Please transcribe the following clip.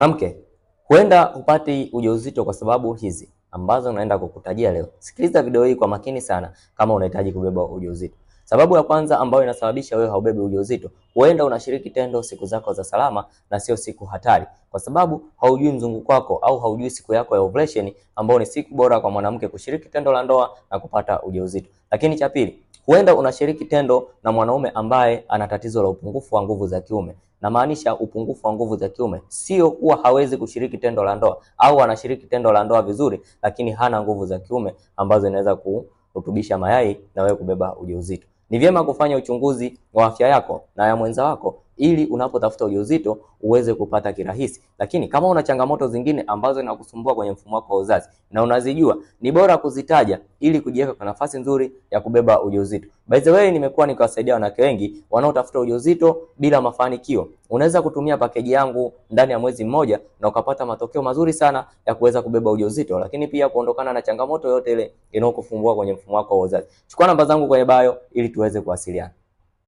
Mwanamke, huenda hupati ujauzito kwa sababu hizi ambazo naenda kukutajia leo. Sikiliza video hii kwa makini sana kama unahitaji kubeba ujauzito. Sababu ya kwanza ambayo inasababisha wewe haubebi ujauzito, huenda unashiriki tendo siku zako za salama na sio siku hatari, kwa sababu haujui mzunguko wako au haujui siku yako ya ovulation, ambayo ni siku bora kwa mwanamke kushiriki tendo la ndoa na kupata ujauzito. Lakini cha pili Huenda unashiriki tendo na mwanaume ambaye ana tatizo la upungufu wa nguvu za kiume. Namaanisha upungufu wa nguvu za kiume, sio kuwa hawezi kushiriki tendo la ndoa, au anashiriki tendo la ndoa vizuri, lakini hana nguvu za kiume ambazo inaweza kurutubisha mayai na wewe kubeba ujauzito. Ni vyema kufanya uchunguzi wa afya yako na ya mwenza wako ili unapotafuta ujauzito uweze kupata kirahisi. Lakini kama una changamoto zingine ambazo zinakusumbua kwenye mfumo wako wa uzazi na unazijua, ni bora kuzitaja ili kujiweka kwa nafasi nzuri ya kubeba ujauzito. By the way, nimekuwa nikiwasaidia wanawake wengi wanaotafuta ujauzito bila mafanikio. Unaweza kutumia pakeji yangu ndani ya mwezi mmoja na ukapata matokeo mazuri sana ya kuweza kubeba ujauzito, lakini pia kuondokana na changamoto yote ile inayokufumbua kwenye mfumo wako wa uzazi. Chukua namba zangu kwenye bio ili tuweze kuwasiliana.